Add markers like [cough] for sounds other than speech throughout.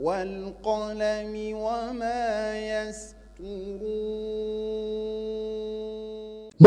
والقلم وما يسطرون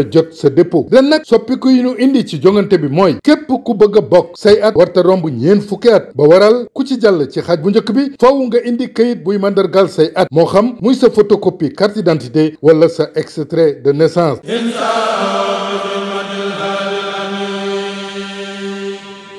a jot sa dépôt ren nag soppiku yi ñu indi ci jongante bi mooy képp ku bëgg a bokk say at warta romb ñeen fukki at ba waral ku ci jàll ci xaaj bu njëkk bi faaw nga indi kayit buy mandargal say at moo xam muy sa photocopie carte d'identité wala sa extrait de naissance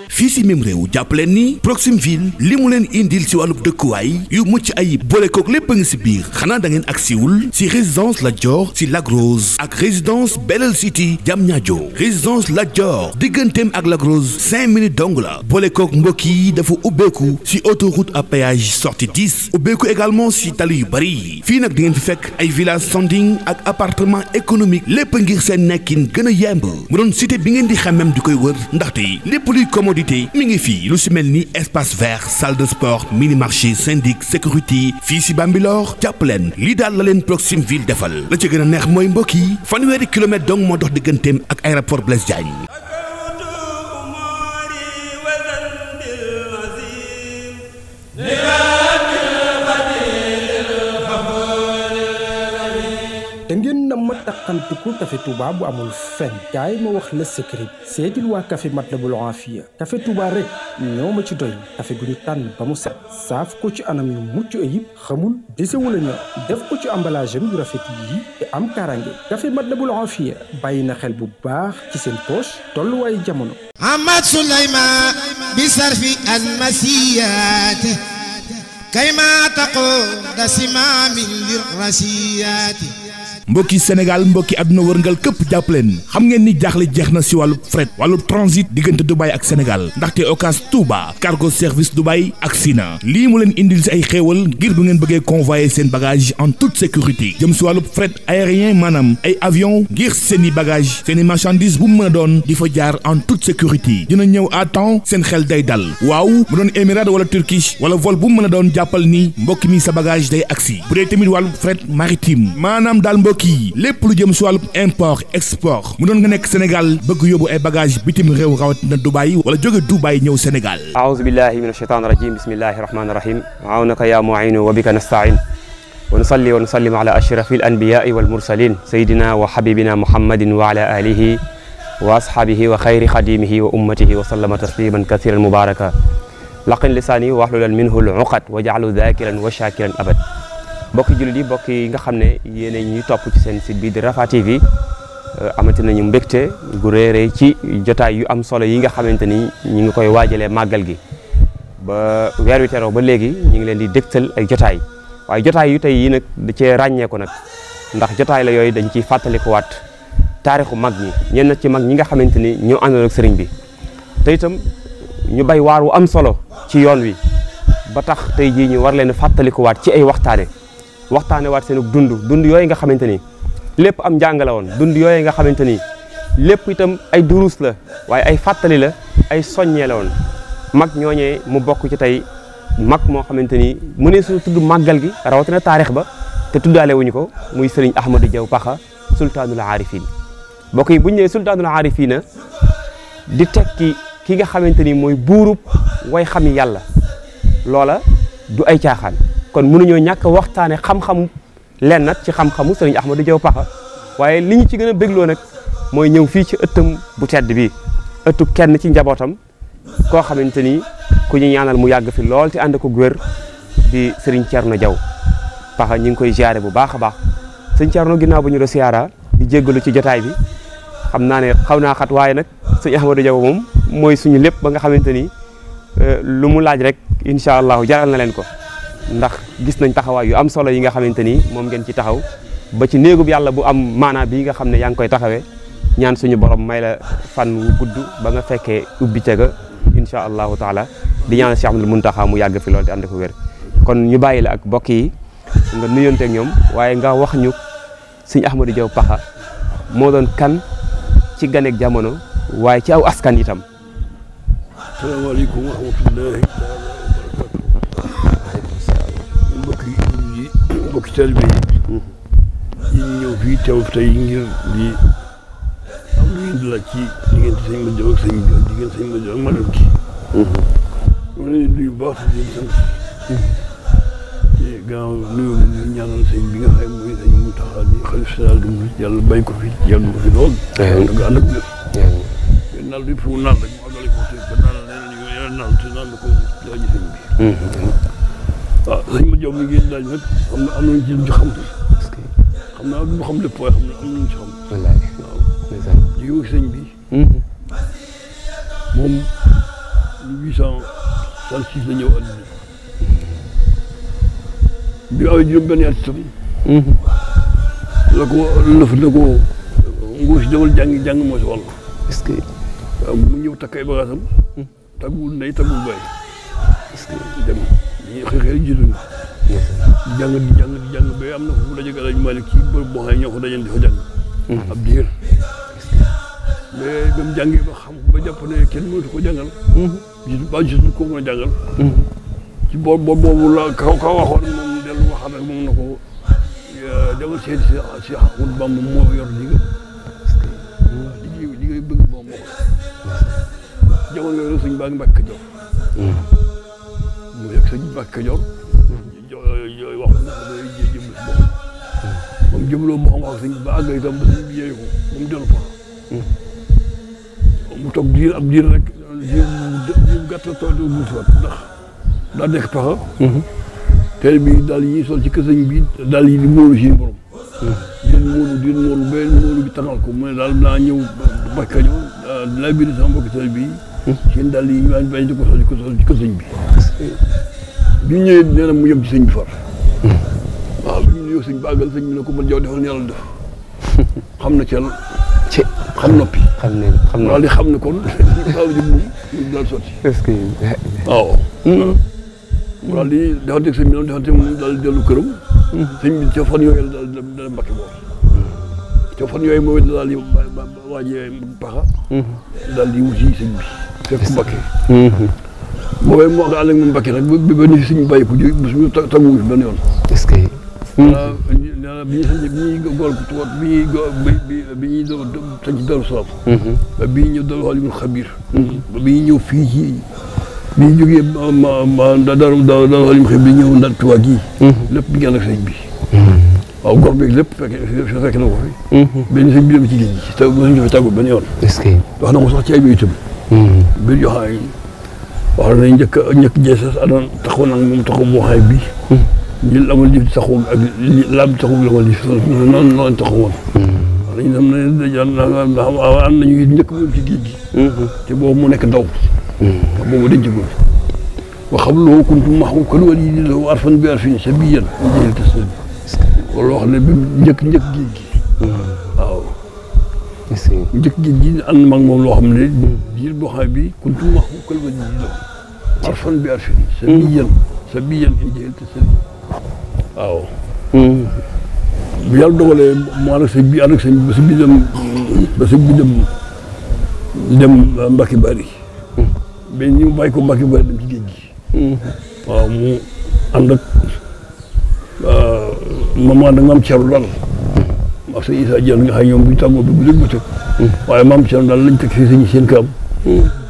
fii si mim réew jàpp leen ni Proximville li mu leen indil si wàllub dëkkuwaay yu mucc ayib boole lépp a ngi si biir xanaa da ngeen ak siwul si résidence Lat Dior si Lac Rose ak résidence Belel City Diamniadio résidence Lat Dior digganteem ak Lac Rose cinq minutes dong la boole mbokk yi dafa ubbeeku si autoroute à péage sortie 10 ubbeeku également si tali yu bëri fii nag di ngeen fi fekk ay village standing ak appartement économique lépp ngir seen nekkin gën a yemb mu yi ngi fii lu si mel ni espace vert salle de sport mini marché syndic sécurité fii si Bambilor jàpp leen lii daal la leen Proxim ville defal la ci gën a neex mooy mbokk yi fanweeri kilomètre donc moo dox digganteem ak aéroport Blaise Diagne takkantuku café Touba bu amul fen kaay la secret seetil waa café Matlabul Afia café Touba rek ñoo ma ci doy café gu ñu tànn ba mu set ko ci anam yu mucc xamul desewula ño def ko ci emballage am yu rafet yi te am karange café Matlabul Afia bàyyi na xel bu baax ci seen poche tolluwaayu jamono Ahmad Souleymane bi sarfi al kay ma taqoo da simamin lirrasiyati mbokki Sénégal mbokki àdduna wërngal këpp jàppaleen xam ngeen ni jaaxle jeex na si wàllu fret wàllu transit diggante Dubaï ak Sénégal ndaxte Ocass Touba cargo service Dubaï ak Sina lii mu leen indil si ay xéewal ngir bu ngeen bëggee convoyer seen bagage en toute sécurité jëm si wàllu fret aérien maanaam ay avion ngir seeni i bagage seen bu mu mën a doon di fa jaar en toute sécurité dina ñëw à seen xel day dal waaw mu doon émirats wala turkish wala vol bu mu mën a doon jàppal ni mbokki mi sa bagage day agsi bu dee tamit wàllu fret mbokk yi lépp lu jëm si wàllu import export mu doon nga nekk Sénégal bëgg yóbbu ay bagage bitim réew rawatina Dubaay wala jóge Dubaay ñëw Sénégal aouzu billahi min ashaitan rajim bismillahi rahmani rahim awnaka ya mu'inu wa bika nasta'in wa nusalli wa nusallim ala ashrafi al anbiyai wal mursalin sayidina wa habibina muhammadin wa ala alihi wa ashabihi wa xayri xadimihi wa ummatihi wa sallama tasliman kathiran mubaraka laqin lisaani waxlulan minhu al uqad wa jaalu dhakiran wa shakiran abad mbokki jullit yi mbokk yi nga xam ne yéen ñuy topp ci seen site bi di Rafah TV euh, amati nañu mbégte gu réeree ci jotaay yu am solo yi nga xamante ni ñu ngi koy waajalee màggal gi ba weer wi teroo ba léegi ñu ngi leen di dégtal ay jotaay waaye jotaay yu tey yi nag da cee ràññeeku nag ndax jotaay la yooyu dañ ciy fàttalikuwaat taarixu mag ñi ñenn ci mag ñi nga xamante ni ñoo àndal sëriñ bi te itam ñu bay waar wu am solo ci yoon wi ba tax tey jii ñu war leen waat ci ay waxtaane waxtaane waat seenu dund dund yooyu nga xamante ni lépp am njàng la dund yooyu nga xamante ni lépp itam ay duruus la waaye ay fàttali la ay soññee la woon mag ñooñee mu bokk ci tey mag moo xamante ni mu ne su tudd màggal gi rawatina taarix ba te tuddaale wuñu ko muy sëriñ Ahmadou Diaw Paxa sultaanul aarifin mbokk yi bu ñu nee sultaanul aarifina di tekki ki nga xamante ni mooy buurub way xami yàlla loola du ay caaxaan kon mënuñoo ñàkk waxtaane xam-xamu leen nag ci xam-xamu sëriñ Ahmadou Diaw Pakha waaye li ñu ci gën a bégloo nag mooy ñëw fii ci ëttam bu tedd bi ëttu kenn ci njabootam koo xamante ni ku ñu ñaanal mu yàgg fi lool te ànd ko gwér di sëriñ Thierno Diaw Pakha ñu ngi koy ziare bu baax a baax sëñ Thierno ginnaaw bu ñu la siyaara di jéggalu ci jotaay bi xam naa ne xaw naa xat waaye nag sëñ Ahmadou Diaw moom mooy suñu lépp ba nga xamante ni euh, lu mu laaj rek incha allahu jaral na leen ko. ndax gis nañ taxawaay yu am solo yi nga xamante ni moom ngeen ci taxaw ba ci néegub yàlla bu am maanaa bi nga xam ne yaa ngi koy taxawee ñaan suñu borom may la fan wu gudd ba nga fekkee ubbi tega incha allahu taala di ñaan Cheikh mun taxaw mu yàgg fi loolu te ànd ko wér kon ñu bàyyi la ak mbokk yi nga nuyonte ak ñoom waaye nga wax ñu sëñ Ahmadou Diaw Pakha moo doon kan ci ganeeg jamono waaye ci aw askan itam. mbokki taalibe yi ñu ñëw fii teew tey ngir di am lu ngeen di laaj ci diggante sëñ Madiaw ak sëñ bi diggante sëñ Madiaw ak Magal gi ñu di baax di leen sant ci gannaaw nuyoo bi nu ñaanal sëñ bi nga xam mooy sëñ Mountakha di xalif général di murit yàlla ko fi yàlla ko fi lool nga ànd ak wér ba ko laaji sëñ bi waaw ah, sëñ ma jom mi xam na am nañ ci xam naa du xam lépp waaye xam na am nañ xam wallaay waaw jóge sëñ bi mhm. moom mille huit cent soixante six la ñëw bi awee juróom benn at itam mhm. la ko lëf na ko nguur si demal jàng jàng moo si que mu ñëw takk bagaasam mhm. taggul ndey taggul bàyyi ñu xeexee rek jiitu ñu di am na fu mu ko dajeen di fa jàng ab diir mais ba mu jàngee ba xam ba ko jàngal gisul ba gisul ko mën a jàngal ci boo boo boobu la kaw kaw moom dellu na ko demal seet si si Ahmadu Bamba nga li nga bëgg moom moo ko sëñ Mbàkke Kajoor wax moom jëmloo mu xam wax sëñ ba àgg itam ba sëñ bi yee ko moom dellu fa mu toog diir ab diir rek diir bu gàtt la toog du si waat ndax daa nekk paxa teel bi daal yi sol ci kësañ bi daal yi di móolu si borom din móolu din móolu benn móolu bi tanal ko mu ne daal naa ñëw Mbàkke Kajoor laa biir sama mbokk teel bi seen daal yi ñu bañ bañ di ko sol ci kësañ bi bi ñu ñëwee nee na mu yóbbu sëñ bi far. waaw bi ñu ñëw sëñ bàggal sëñ bi ne ko man jaw defal yàlla def xam na cel ci xam noppi. xam ne xam na daal yi xam ne kon [laughs] daal di moom daal sotti. est-ce que. waaw. Hmm. daal di defante ak sëñ bi defante moom daal di dellu këram. Hmm. bi ca fan yooyu daal di dem Mbàkke Boor. Hmm. ca fan yooyu mooy daal di waajee paxa. daal di wuti sëñ bi fekk Mbàkke. boobee mu wax ànd ak moom Mbacke nag ba ba ni suñu bàyyi ko ji suñu tàggu fi benn yoon. est-ce que. Hmm. voilà bi ñuy sañ bi ñuy góor ko tuwaat bi ñuy góor bi bi ñuy doon sañ ci Darou Salaam. Mhm. ba bi ñuy ñëw Darou Alimul Xabir. Mhm. ba bi ñuy ñëw fii ci bi ñu jógee ma ma Darou Darou Alimul Xabir bi ñëw ndax tuwaat gii. Mhm. lépp mi ngi ànd ak sëñ bi. waaw góor beeg lépp fekk fekk na ko fi. benn sëñ bi dem ci géej gi te mosuñu fi tàggu benn yoon. est-ce que wax na ko sax ci ay béykat yi. mbir yoo xam ne wax nañ njëkk njëkk jeesas adoon taxu nag moom taxu buxaay bi ñi lama liif taxu ak laam taxu lama liif noonu noonu taxu hmm. woon wax nañ tam ne mu nekk ndaw ndax hmm. boobu denc ko wa xam kuntum maxu kan wal yi arfan bi arfin sa bi ne bi njëkk njëkk géej gi hmm. moom loo xam ne jiir boo kuntum maxu kan wal yi arfan bi arfin sa biyan sa biyan in jëlte sëriñ waaw mm. bu yàlla dogalee mu ànd ak sa bi ànd ak sa ba sa bi dem ba sa bi dem Bari ba ñu bàyyi ko Mbacke Bari dem ci géej gi mm. waaw mu ànd ak euh, maam ànd ak maam Thierno daal mm. ak sa Issa Diagne nga xam ñoom bu ñu tàggoo bi bu dul bëccëg waaye maam Thierno daal lañ teg si seen kanam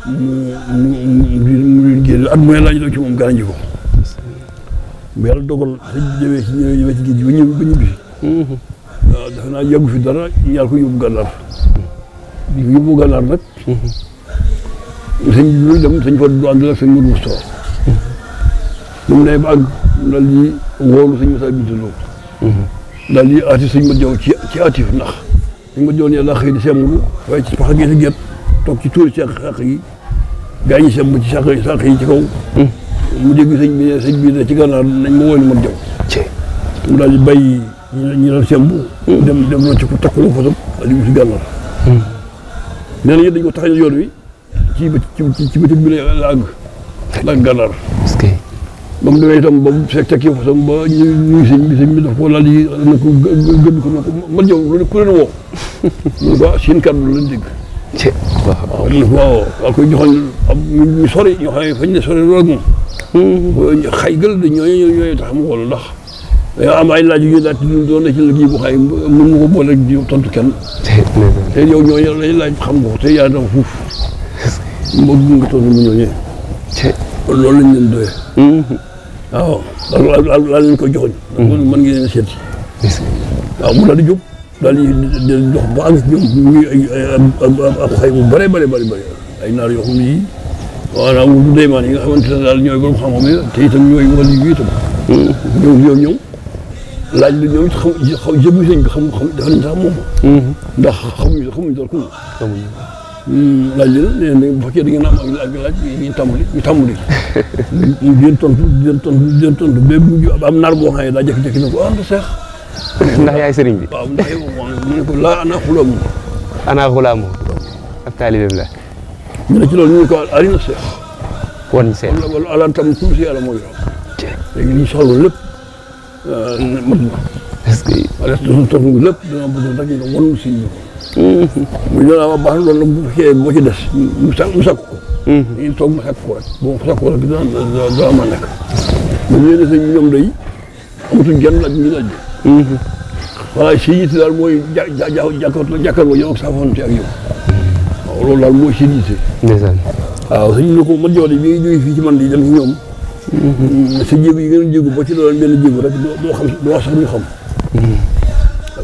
mu mu mu génn at mu ci moom gànnañ ko bu yàlla dogal sëñ bi ñëwee ci ñëwee ñëwee ci naa yàggu fi dara yàlla ko yóbbu gànnaar. di yóbbu gànnaar nag. sëñ bi muy dem sëñ Fadu du ànd la sëñ Modou Moustapha. bu mu nee ba àgg daal di wóolu sëñ Moussa Binta Lo. daal di aati sëñ ma jaw ci ci aatif ndax. sëñ ma jaw ne yàlla xëy di sembu waaye ci pax a toog ci tuuri ci ak xàq gaa yi sàmm ci sàq yi sàq yi ci kaw. Hmm. mu dégg sëñ bi sëñ bi ne ci gànnaar nañ ma woon man jaw. mu daal di bàyyi ñu ñu doon sëmb. dem dem rocc ku takku la fasam di wut si gànnaar. Hmm. nee na yéen dañu ko tax a yoon wi ci ci ci bëccëg bi la la àgg la àgg gànnaar. est-ce que. ba mu demee itam ba mu fekk tekki fasam ba ñu ñu sëñ bi sëñ bi daf ko laal di na ko gëdd ko man jaw ku leen woo. [laughs] mu ne ko ah seen kàddu la dégg. waaw waaw waaw koy joxoon ñu sori ñoo xam ne fañ ne sori loolu moom xay gël da ñooñu ñooñu tax mu xool ndax dañoo am ay laaj yu ñu daal di doon na ci liggéey bu xay mën ma ko boole tontu ken te yow ñooñu lay laaj xam nga ko te yaa dafa fuuf moo gën nga tontu mu ñooñu loolu lañ leen doyee waaw laa leen ko joxoñ mën ngeen seet waaw mu daal di daal di dox ba àgg ñu ab xay bu ay naar yoo xam ne yii yi nga xamante ne daal ñooy borom xam-xam yi te itam ñooy wàllu yi itam ñëw ñëw ñëw laaj la ñoom it xam jëmmi sëñ bi xam xam dafa nañ sax moom ndax xamuñu xamuñu dara kuñ hmm, laaj leen ne bu fekkee da ngeen am ak laaj ñu tàmbali ñu tàmbali ñu [laughs] leen tontu di leen tontu di leen tontu ko ah [laughs] ndax yaay sëriñ bi. waaw ndax mu ne ko laa ana xulaamu. ana xulaamu. ab taalibeem la. ñu ne ci loolu ñu ne ko arina seet. woon seet wala alantam suuf si yàlla moo yor. léegi ñu soxla lépp euh, mat na. est-ce que. wala suñu toog lépp dama bëgg rek nga won si ñu ko. bu ñu la baax loolu bu fekkee boo ci des mu sakk mu sakk ko. Mm-hmm. dañuy toog mu sakk ko rek. bu mu sakk ko rek dina dina dina mën a nekk. bu ñu leen di ñoom day amatuñ genn ak ñu laaj. voilà mm-hmm. si yitte daal mooy ja ja jàkkaarloo yow ak saafonte ak yow. waaw loolu daal mooy si yitte. ndeysaan. waaw suñu ne ko man jooju bi nga jógee fii ci man di dem si ñoom. Mm-hmm. sa jéego yi ngeen jéego ba ci doon mm-hmm.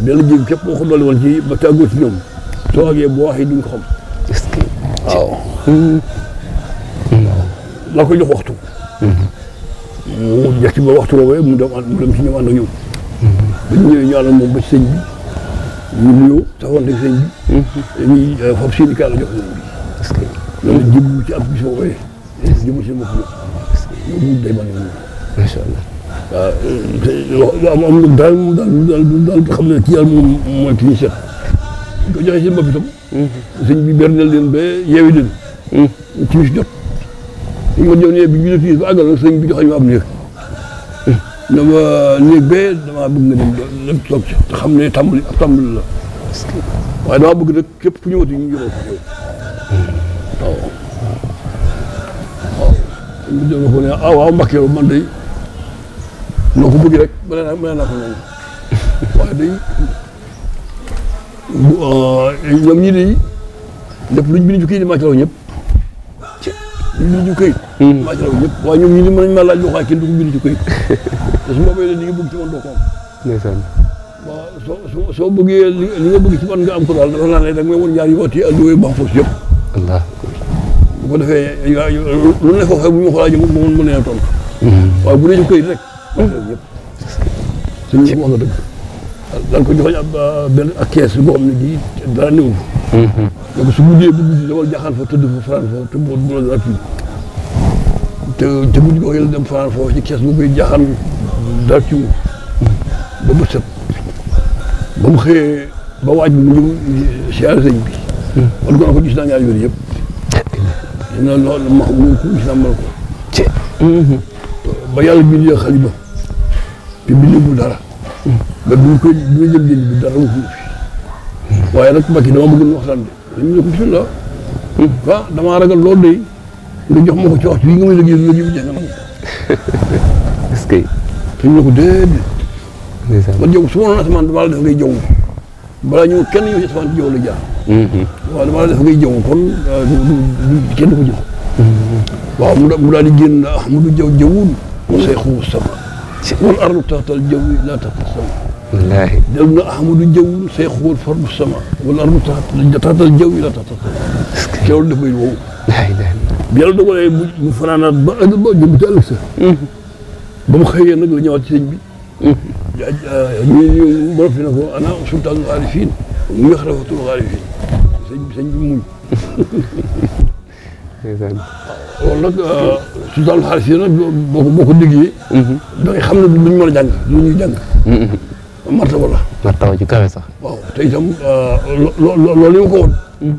benn jéego képp boo ko woon ci ba tàggoo ci ñoom. soo agee boo waxee duñ ko xam. est-ce que waaw. waaw naa ko jox waxtu. mu jox ba waxtu boobee mu dem mu ñoom ba ñu moom ba sëñ bi ñu nuyoo taxawante sëñ bi. Mhm. dañuy euh, fab seen i ci ab bis boo koy jëmm si bopp bi. loolu a allah. waaw am am daal moom daal daal daal xam ne kii daal moom mooy ki ñu seet. ko joxee seen bopp itam. Mhm. sëñ bi berndeel leen ba yeewi leen. Mhm. ci bis jot. dañu ko jox ne bi ñu def ba àggal nag sëñ bi jox am néeg. ne ma néeg bee damaa bëgg nga dem dem toog ci xam ne tàmbali ab tàmbali la. waaye damaa bëgg nag képp ku ñëwati ñu yore ko waaw waaw. mu jëloon ko ne ah waaw Mbacke man de noo ko bëgg rek mën naa mën ko noonu waaye day bu ah, ñoom ñii day lépp luñ bind ci kii di Mbacke ñëpp. ñu ñu këyit maa hmm. ci raw ñëpp waaye ñoom ñu ni mën nañ ma laaj loo xam kenn du ko bind ci këyit te su ma béy li nga ci man doo ko soo soo bëggee li nga bëgg ci man nga am ko daal dafa naa da nga may woon ñaar yi wati alluwee banfos lu ne foofu ñu ko laajee moom mën nañu tontu hmm. waaye bu dee ci këyit rek ko wax nga dëgg daan ko joxoñ ab ah, benn ak kees boo xam ne dara néew hmm, donc su guddee bu guddi dawal jaxal fa tëdd fa fanaan foofu te boo duna foofu ci kees boobu jaxal dara ci moom ba mu set ba mu xëyee ba waaj bi mu ñëw siyaare sëñ bi wala ko na ko gis naa ñaari wér yëpp gis naa loolu mhm. ma mm. mu ko bindee xalima dara ba bi koy bi ñu jël jël bi dara fi waaye nag Mbacke dama bëgg waxtaan de dañu ñëw bisimilah. ah damaa ragal loolu day nga jox ma ko ci wax ci yi nga may liggéey liggéey bu jàng est-ce que. suñu la ko déedéet. ndeysaan man jaww su ma noonu asamaan damaa la def ngay jaww kenn ñëw ci asamaan jaww la jaar. Mm-hmm. waaw damaa la def kon euh, du kenn du ko jëf. Mm-hmm. waaw mu daal mu daal di génn ah, Ahmadu jaw jawwul. mu say xuus sama. wal ardu tahta al jawwi laa tahta sama. wallaahi ibnu ahmadu jawwul say xuwal farbu sama wala armu taxatal jaww yi la taxatal teewul daf may woowu yàlla dogalee mu fanaanaat ba ëllëg ba jëm te ëllëg sa ba mu xëyee nag la ñëwaat ci sëñ bi mm-hmm. ñu borom fi ne ko ana sultaanul aarifiin mu yax rafatul aarifiin sëñ bi sëñ bi muñ [laughs] loolu nag euh, sultaanul aarifiin nag boo ko boo ko déggee mm-hmm. da ngay xam ne duñ mën a jàng duñuy jàng mm-hmm. martaba la. martaba ju kawe sax. waaw te itam euh, loo loo loolu ñu ko woon. Hmm.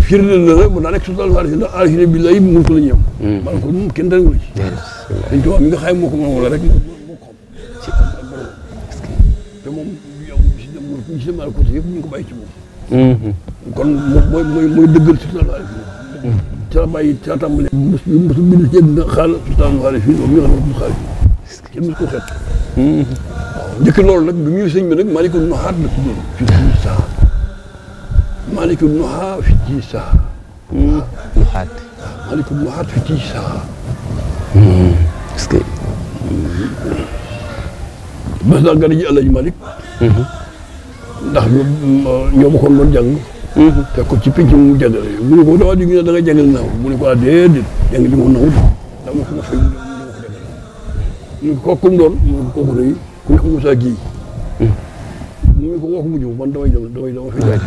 firndeel na la mën naa nekk su tal arsi ndax arsi bi lay mun ko la ñu am hmm. man ko moom kenn dara ci dañ ko wax mi nga xam moo ko moom la rek moo ko xam te moom yow si dem ñi si dem al côté yëpp ñu ngi ko bàyyi ci moom hmm. kon mooy mooy mooy dëggal su tal arsi ca la bàyyi ca la tàmbalee mos mos bind ci xaal su tal arsi moom ñu xam ne xaal kenn mës ko xeet. njëkk hmm. loolu nag bi muy sëñ bi nag Malick Noha la tuddoon fi ci saa Malick Noha fi ci saa. Noha. Malick fi ci saa. Hmm. est-ce que. Hmm. bés daal gën a ji El ndax kon doon jàng. mu jàngale bu ko dawaa di da nga jàngal di moom naaw ah, dama ma fay ñu ko kum doon ñu kooku rëy ku nekk Moussa Guèye. mu ne ko wax mu ñëw man damay dem damay dama fi jaay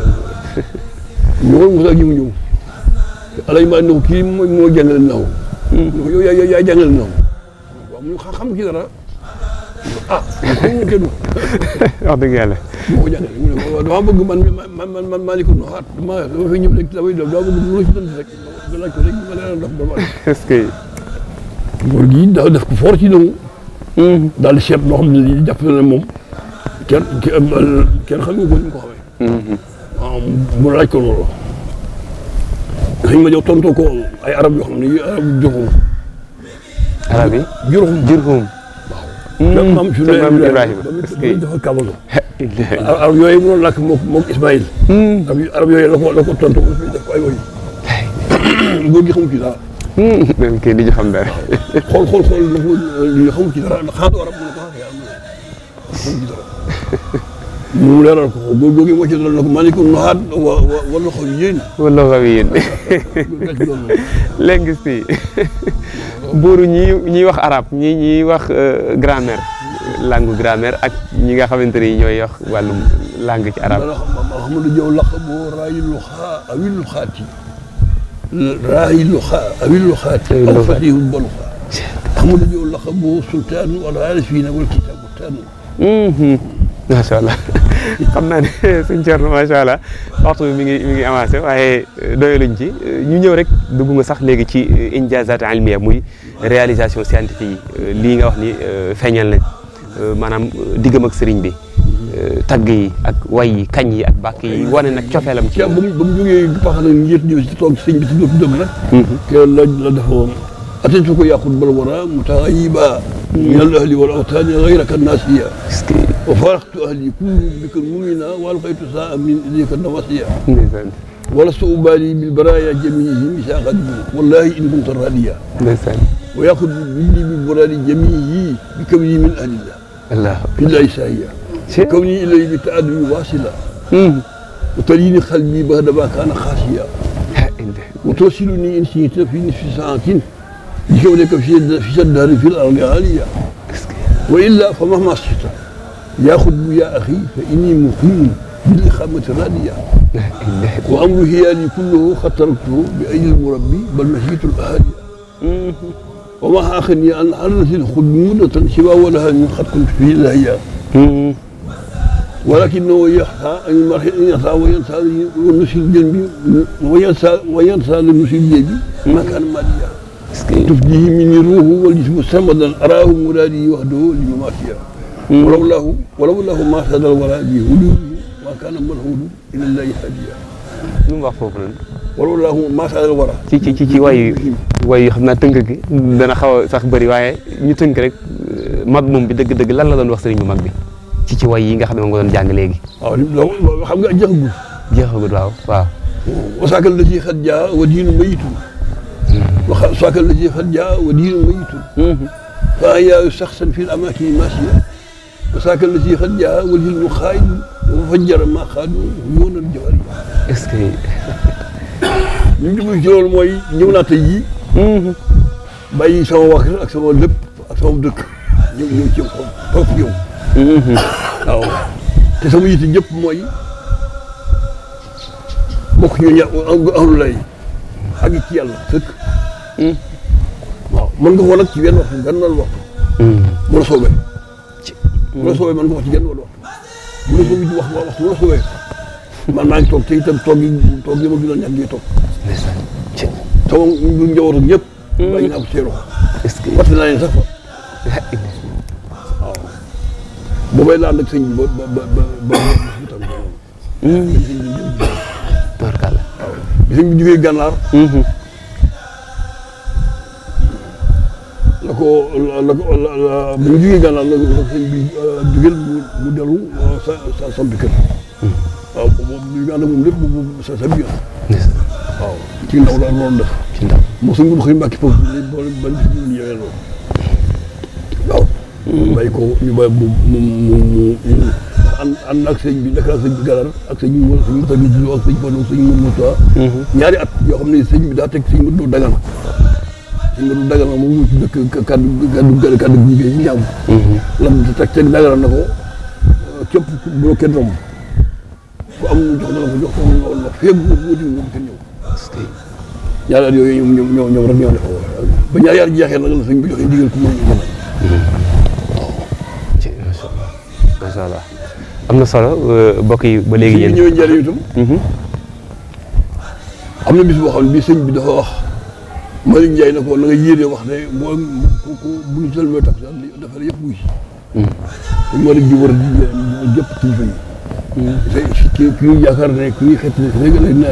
ñu ko Moussa Guèye mu ñëw alay maa ne ko kii mooy moo jàngale naaw. ñu hmm. ko yow yaa yaa jàngale naaw. waaw mu xam ci dara ah xam nga kenn. wax dëgg yàlla. moo ko jàngale mu ne ko dama bëgg man man man man maa nekkul noonu ah dama dama fi ñëw rek damay dama bëgg mu la ci doon rek ma laaj ko rek ma leeral ndax dama. [laughs] est-ce que. góor gi dafa def ko fort ci nangu. Hmm. daal di seet loo xam ne jàpp na moom kenn kenn xamee ko ñu ko xamee. waaw hmm. ah, ko loolu. xëy ma jox tontu ko ay arab yoo xam ne yu arab juróom. arab yi juróom juróom. waaw. Hmm. maam Ibrahima arab yooyu mu doon làkk la ko ay woy. [coughs] góor gi xamul ci dara. nan kay di xam dara. xool xool xool li xamul ci dara xaatu arab mu ne ko wax yaa amul ci dara. mu leeral ko góor góor gi moo ci doon nag maa ngi ko noxaat wa wa wala xaw yéen. wala xaw yéen léegi si buuru ñi ñiy wax arab ñi ñiy wax euh, grammaire langue grammaire ak ñi nga xamante ni ñooy wax wàllum langue ci arab. maanaam xam nga lu jëw laq boo raayul xaa awil xaati. raayi luxaa awi luxaa alfatihu baluxaa ahmadu jow laxabu sultaanu wal aarifiina wal kitaabu taanu macha allah xam naa ne suñ Thierno macha allah waxtu mi ngi mi ngi avancé waaye doyaluñ ci ñu ñëw rek dugg nga sax léegi ci injazat ilmiya muy réalisation scientifique lii nga wax ni euh, feeñal nañ euh, maanaam diggam ak sëriñ bi tagg yi ak way yi kañ yi ak bàkk yi wane nag cofeelam ci ba mu jógee pax na njiit ñëw ci toog sëñ bi ci dóob dëm nag ke mhm. laaj la dafa woon atatu ko yàqul bal wara mutaayiba mhm. min al ahli wal awtaani gayraka naasiya wa faraxtu ahli kullu bika mumina wa alqaytu saa min ilayka nawasiya wala su ubaali bil baraaya jamiihi misaaqa wallahi in kunta raadiya wa yaqul bindi bil baraali jamiihi bi kaw yi min ahlillah billahi saahiya كوني إليه بتأدب واصلة وتليني قلبي بعدما كان خاشيا وتوصلني إنسيت في نصف ساعة لكونك في الدهر في الأرض عالية وإلا فمهما صحت يا خدم يا أخي فإني مقيم بالإقامة الرادية وأمر هيالي كله قد تركته بأيدي المربي بل مشيت الآلية وما أخني أن أرث الخدمودة سوى ولها من قد كنت في الهيئة ولكنه يخشى أن يخشى وينسى والنسي الجنبي وينسى وينسى للنسي الجنبي مكان ماديا تفديه مني روحه والجسم سمدا أراه مرادي وحده لمماسيا ولو له ولو له ما سدى الولاء بهدوء وكان ملحود إلى الله هاديا lu mu wax foofu noonu. warul laa ma sha Allah war a. ci ci ci ci waay waay xam naa tënk gi dana xaw a sax bëri waaye ñu tënk rek mag moom bi dëgg-dëgg lan la doon wax sëriñ bu mag bi. ci ci way yi nga xam ne moom nga doon jàng léegi. waaw loolu xam nga jeexagul. jeexagul waaw waaw. wasaakal la ci xat jaa wa diinu mayitul. Mm-hmm. waxa wasaakal la ci xat jaa wa diinu mayitul. Mm-hmm. fa yaayu saxsan fil amaakini maasiya. wasaakal la ci xat jaa wa diinu xaaj wa fajjara maa xaadu yoonal jawari. est-ce que. li mu jublu ci loolu mooy ñëw naa tey jii. Mm-hmm. bàyyi sama wax ak sama lépp ak sama dëkk ñëw ñëw ci yow foofu yow. waaw te sama yiti yëpp mooy bokk ñu ña am lay àgg ci yàlla sëkk. Hmm. waaw mën nga ko nag ci benn waxtu benn wàllu waxtu. Hmm. bu la soobee. bu la soobee mën nga ko ci genn wàllu waxtu. bu la soobee ji wax man maa toog te itam toog yi toog yi ma gënoon ñàkk toog. ci sama njabootu ñëpp. Hmm. bàyyi naa ko ci est-ce que fàtte naa leen sax fa. ba may naan nag sëñ bi ba ba ba ba ba ba ba ba tubarkalla waaw bi sëñ la ko la la bu ñu jugee gànnaar la ko dellu sa sa samp kër waaw moom ñu sa sa biir waaw ndaw la loolu def ci ndaw moo suñ gudu xëy mbàkki foofu ba ba ñëwee loolu ñu bay ko ñu bay mu mu mu mu ànd ànd ak sëñ bi Dakar sëñ bi garar ak sëñ bi sëñ Moussa Gueye Diouf ak sëñ Fallou mhm. ñaari at yoo xam ne sëñ bi daa teg sëñ Modou Dagana. sëñ Modou Dagana moom moo ci dëkk kaddu kaddu kaddu jigéen ci ñaam. Mhm. lam teg teg Dagana na ko euh, képp bu la kenn romb ku am mu jox dana ko jox ko mu lool wax féeg bu mu kenn ñëw. ñaari at yooyu ñoom ñoom ñoom rek ñoo ba ñaari at jeexee nag la sëñ bi joxe ndigal ku mu incha am na solo mbokk yi ba léegi. yéen ñëwee njëriñ itam. am na bis boo xam ne bii sëñ bi dafa wax Malick Ndiaye na ko na nga yéene wax ne moo ku ku ñu sëlmee tax dafa yëpp wuy si. Malick a di jëpp kilifa yi. te ki ñuy yaakaar ne ki ñuy xet rek lay ne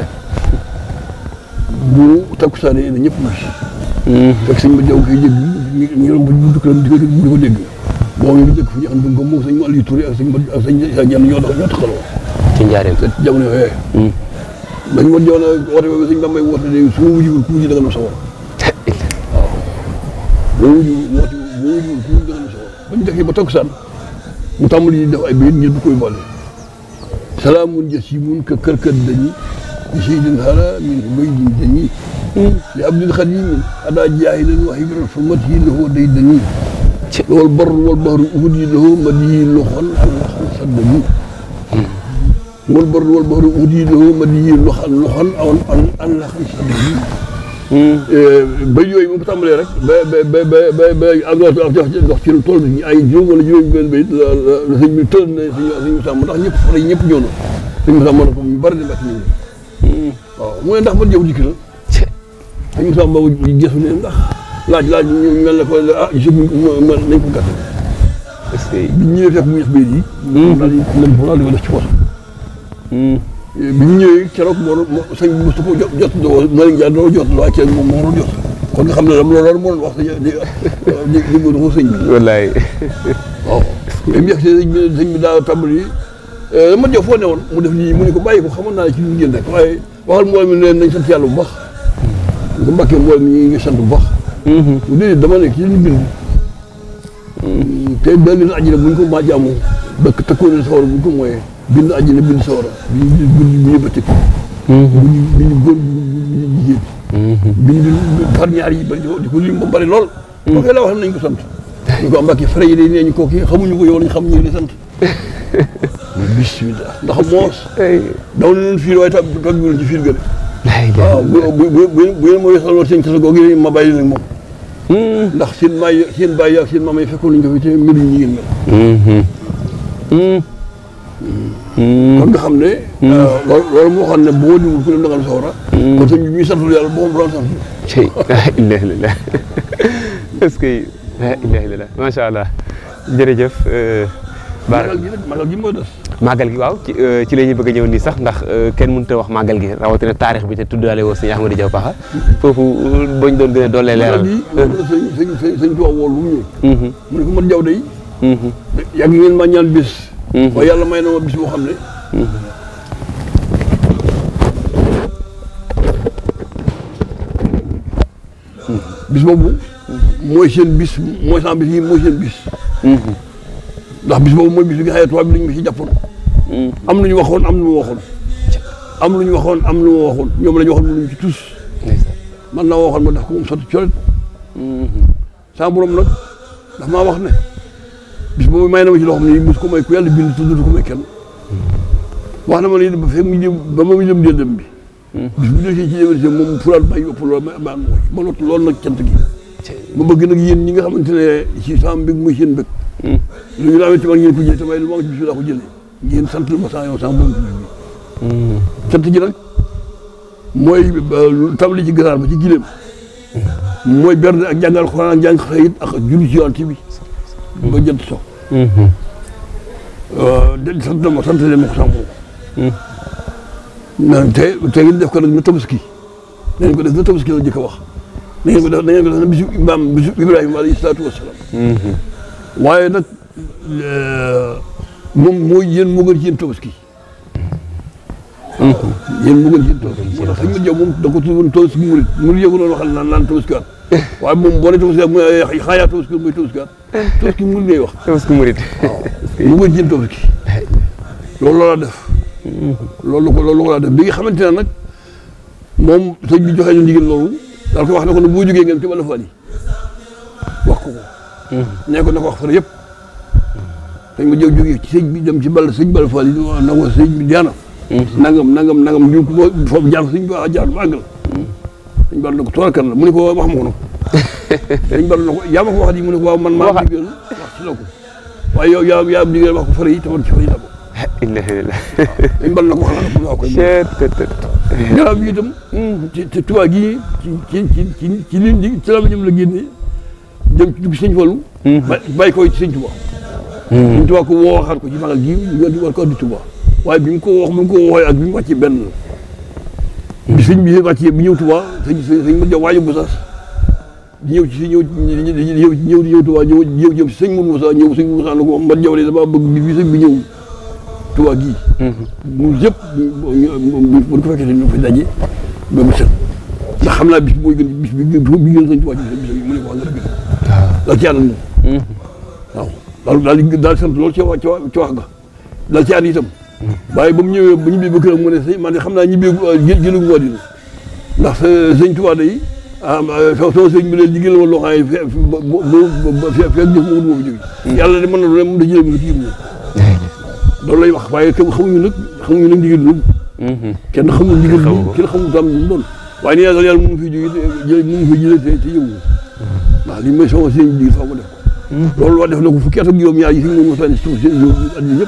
bu takkusaan yi ñëpp wuy si. sëñ bi daw koy jéggi ñu ñu ko dégg. moom yi mu jëkk fu ñu am ko moom sëñ Maliou Touré ak sëñ ak sëñ Issa Diagne ñoo dox ñoo taxaloo ci njaareem jamono yooyu dañ woon jox na woote boobu sëñ Bambay woote de su ma wujjiwul ku wujji da nga ma sawar waaw boo wujjiwul woote boo wujjiwul ku wujji da nga ma sawar bañ dekkee ba takkusaan mu tàmbali di def ay bayit ngeen bu koy boole salaamun jasiimun ka kërkët dañi bi saydin hara min hubaydin dañi hmm. li abdil xadimin ada jaahilan wa hibran fa mat yi la day dañi ci wal bor wal bahru uhudi lahu madihi loxan loxan saddabu wal bor wal bahru uhudi lahu madihi loxan loxan awan an an laxan saddabu hmm. eh, ba yooyu bu mu tàmbalee rek ba ba ba ba ba ak dox ci lu toll nii ay juróom wala juróom benn bayit la la sëñ bi tënk na sëñ bi sàmm ndax ñëpp fara ñëpp ñëw na sëñ bi sàmm na ko ñu bari di mbàkk ñu waaw mu ne ndax man jëw dikk na sëñ bi sàmm boobu gisu ne ndax laaj laaj ñu mel ne ko ah jub man nañ ko gàtt. est-ce que bi ñu ñëwee fekk mu ñax béy ji. daal di nañ ko daal di ko def ci poos. Hmm. bi ñu ñëwee keroog moo moo sañ mosu ko jot jot doo Malick Ndiaye doo jot waaye keroog moom moo doon jot. kon nga xam ne loolu loolu moo doon wax di di di di ko sëñ bi. wallaay. waaw bi mu yegg si sëñ bi sëñ bi daal tàmbali eh, ma jox foo ne woon mu def nii mu ne ko bàyyi ko xamoon naa ci ñu jënd rek waaye waxal mboolem mi ne nañ sant yàlla bu baax. bu mbàkkee mboolem mi ñu ngi sant bu baax. Mm-hmm. lii dama ne kii ñu bind mm-hmm. tey benn àjjana buñ ko maa jaamu dëkk tëkkoon sawara buñ ko mooyee bind àjjana bind sawara biñu bind biñu mm-hmm. par ñaar yi bari di ko lim ba bari lool kooku la wax nañ ko sant ñu ko am mbàkki frais yi day nee ñu kooki xamuñu ko yow lañ xam ñu sant [laughs] bismillah ndax moos daw na fiir waaye tam tam ñu ci fiir gën waaw bu bu bu bu ma weesaloo seen kese googu yéen ma bàyyi leen moom. ndax seen maay seen bàyyi ak seen maam yi fekkoon nañu ko fi te mbir yi ñu ngi kon nga xam ne. loolu moo xam ne boo dimbali ku ne danga soxla. kon sëñ bi ñuy santul yàlla boo ma doon sant. tey ilaha illallah est-ce que [laughs] ilaha illallah macha allah jërëjëf. Euh, baar magal gi nag magal gi moo des. màggal gi waaw ci ci la ñuy bëgg a ñëw nii sax ndax kenn mënut a wax màggal gi rawatina taarix bi te tuddaale woo sëñ Ahmadou Diaw Pakha foofu bañ doon gën a doolee leeral sëñ jaw day yàgg yàlla may na ma bis boo xam ne bis boobu mooy seen bis mooy seen bis mooy seen bis ndax bis boobu mooy bis bi nga xam ne tubaab bi lañ ma hmm. am lu ñu waxoon am lu ma waxoon am lu ñu waxoon am lu ma ñoom la ñu waxoon mënuñ ci tus man na waxoon ma def ko moom sotti colet hmm. saa borom nag daf maa wax ne bis boobu may na ma ci loo xam ne mos ko ku yàlla bind tudd ko may kenn wax na ma ne ba fekk mu jëm ba ma mu jëm déedéem bi hmm. bis bu dee ci déwén si moom fulaal bay yópp loolu may ma am ma gi ma bëgg nag yéen ñi nga xamante ne ci sama mbég muy seen lu ñu laa ci mag ngeen ko jëlee te may lu ma ci bisu laa ko jëlee ngeen sant ma saa yow sax moom sant ji nag mooy tabli ci ganaar ba ci gileem mooy bernde ak jàngal Alxuraan ak jàng xasida ak julli ci Yonent bi ba jant so euh, de sant na ma sant leen ma ko sax moom te te ngeen def ko nag na tabaski na ngeen ko def na tabaski la jëkk a wax na ngeen ko def na ngeen ko def na bisu imaam bisu Ibrahima alayhi salaatu wa salaam waaye nag euh, moom mooy yéen moo gën ci yéen tabaski yéen moo gën ci yéen tabaski moo tax sëñ ma jaw moom da ko tuuboon tabaski murit murit yëgu noonu waxal naan naan tabaski waat [laughs] waaye moom boo ne tabaski waat mu ne eh, xaayaa tabaski mooy tabaski waat tabaski murit lay wax tabaski murit waaw moo gën ci yéen tabaski loolu laa def loolu ko loolu ko laa def bi nga xamante ne nag moom sëñ bi joxee ñu ndigal loolu daal ko wax na ko ne boo jógee ngeen ci wàllu fan yi wax ko ko nekkoon na ko wax fële yëpp. dañ ko jóg jógee ci sëñ bi dem ci bal sëñ bal Fall yi na ko sëñ bi jaana. nangam nangam nangam ñu ko foofu jaar sëñ bi jaar ba àgg la. sëñ bal na ko tool kan la mu ne ko wax ma ko nag. sëñ bal na ko yaa ma ko waxati mu ne ko waaw man maa ngi wax ci la ko. waaye yow yaa yaa am liggéey wax ko fële yi te man ci fële yi la ko. alhamdulilah. sëñ bal na ko wax na ko. waaw kay gannaaw bi itam. ci ci tubaab gii ci ci ci ci ci ci la ñoom la génnee dem dugg si sëñ Fallu mhm. bàyyi ko ci sëñ Tuba mhm. sëñ Tuba ko wooxaat ko ci magal gi ñu war ko addi Tuba waaye bi mu ko wax mu ngi ko wooxee ak bi mu wàccee benn la mhm. bi sëñ bi wàccee bi ñëw Tuba sëñ sëñ ma jaw waajo bu sas di ñëw ci ñëw ñëw ñëw di ñëw Tuba ñëw ñëw jëm si sëñ Mourou Moussa ñëw sëñ Moussa na ko ma jaw de dama bëgg bi fi sëñ bi ñëw Tuba gii mu yëpp buñ ko fekkee ñu fi daje ba mu set ndax xam naa bis mooy gën bis bi gën sëñ Tuba ci bis bi mu ne ko wax nga dëgg daal ci ànd moom waaw daal sant loolu ci wax ci wax ci wax ga daal ci ànd waaye ba mu ñëwee ba ñibbee ba këram mu ne si man de xam naa ñibbee jëlugu ko dina ndax euh, sëñ Tuubaa day euh, sama sëñ bi leen jigéen la woon loo xam ne fekk jëf ma wut moofu jógi hmm. yàlla de mën na lu ne da jëlee mi ci yëm loolu lay wax waaye xamuñu nag xamuñu nag hmm. kenn xamul jigéen lu kenn xamul tam lu mu doon waaye ni yàlla yàlla mënu fi fi jëlee liñ may soxla seen ji faaw ma def ko. loolu loo def si ñu mën a suuf si jiw at yii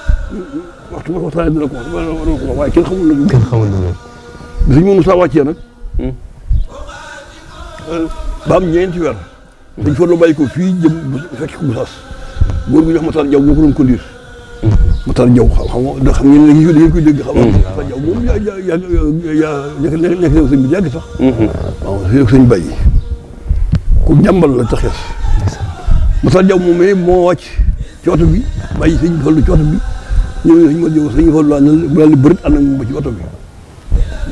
waxtu bi waxtaanee dina ko wax dina ko wax waaye kenn xamul nag. kenn xamul nag. bis ñu mën saa wàccee nag. ba am ñeenti ti dañ fa la bàyyi ko fii jëm fekk ko Gossas góor gu ñuy wax Matar Diaw moo ko doon conduire. Matar Diaw xam nga xam ngeen ne da ngeen koy xam nga Matar Diaw moom yaa yaa yaa nekk nekk sëñ bi yàgg ku jàmbal la te xees Moussa Diaw moomee moo wàcc ci oto bi bàyyi sëñ Fallu ci oto bi ñëw sëñ ma Diaw sëñ Fallu daal di bërit ànd ak moom ba ci oto bi